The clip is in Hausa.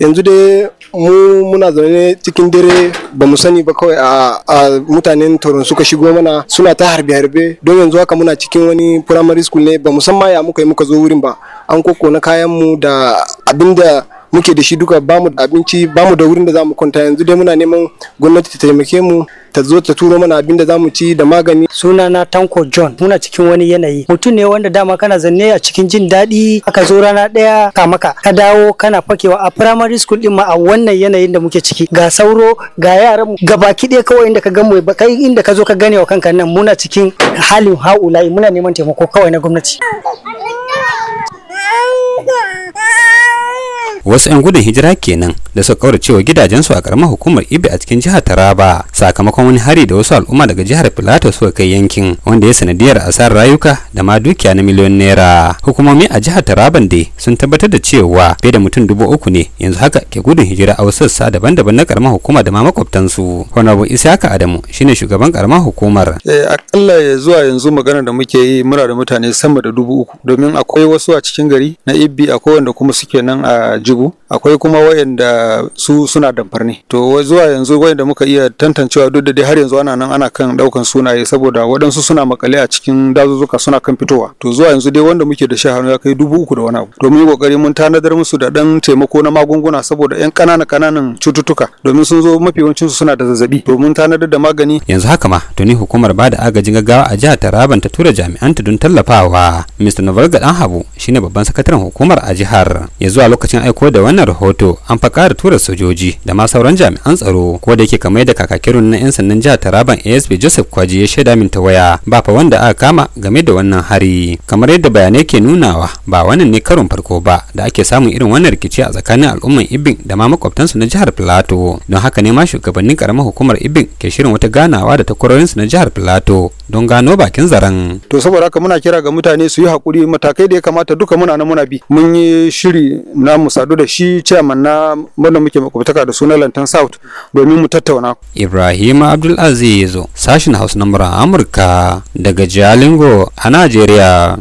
yanzu dai mu muna zaune cikin dare ba mu sani ba kawai a mutanen toron suka shigo mana suna ta harbe harbe don yanzu haka muna cikin wani primary school ne ba musamman ya muka yi muka zo wurin ba an koko na kayan mu da abinda muke da shi duka bamu da abinci bamu da wurin da zamu kwanta yanzu dai muna neman gwamnati ta taimake mu ta zo ta turo mana abin da zamu ci da magani Suna na tanko john muna cikin wani yanayi mutum ne wanda dama kana zanne a cikin jin daɗi aka zo rana ɗaya ka maka ka dawo kana fakewa a primary school din ma a wannan yanayin da muke ciki ga sauro ga yaran baki ɗaya kawai inda ka gamu ba kai inda ka zo ka gane wa kanka nan muna cikin halin haula'i muna neman taimako kawai na gwamnati wasu 'yan gudun hijira kenan da suka kaura cewa gidajensu a karamar hukumar ibi a cikin jihar taraba sakamakon wani hari da wasu al'umma daga jihar filato suka kai yankin wanda ya sanadiyar asarar rayuka da ma dukiya na miliyon naira hukumomi a jihar taraban dai sun tabbatar da cewa fiye da mutum dubu uku ne yanzu haka ke gudun hijira a wasu sassa daban-daban na karamar hukuma da ma makwabtansu honorable isaka adamu shine shugaban karamar hukumar eh, akalla ya zuwa yanzu magana da muke yi muna da mutane sama da dubu uku domin akwai wasu a cikin gari na ibi akwai wanda kuma suke nan a akwai kuma wayanda su suna damfar ne to zuwa yanzu wayanda muka iya tantancewa duk da dai har yanzu ana nan ana kan daukan sunaye saboda waɗansu suna makale a cikin dazuzzuka suna kan fitowa to zuwa yanzu dai wanda muke da shi hannu ya kai dubu uku da wani abu domin kokari mun tanadar musu da dan taimako na magunguna saboda yan ƙananan ƙananan cututtuka domin sun zo mafi yawancin su suna da zazzabi domin tanadar da magani yanzu haka ma to ni hukumar bada agajin gaggawa a jihar Taraban ta tura ta don tallafawa Mr. Navarga Dan Habu shine babban sakataren hukumar a jihar yanzu a lokacin aiko aiko da wannan rahoto an fa ƙara tura sojoji da ma sauran jami'an tsaro ko da yake kamar da kakakirun na 'yan sandan jihar Taraban ASP Joseph Kwaji ya shaida min ta waya ba fa wanda aka kama game da wannan hari kamar yadda bayanai ke nunawa ba wannan ne karon farko ba da ake samun irin wannan rikici a tsakanin al'umman Ibin da ma makwabtansu na jihar filato don haka ne ma shugabannin karamar hukumar Ibin ke shirin wata ganawa da takwarorinsu na jihar filato don gano bakin zaren. To saboda haka muna kira ga mutane su yi hakuri matakai da ya kamata duka muna na muna bi mun yi shiri na musa haɗu da shi chairman na wanda muke makwabtaka da suna lantan south domin mu tattauna ibrahim abdulaziz sashin house na amurka daga jalingo a nigeria.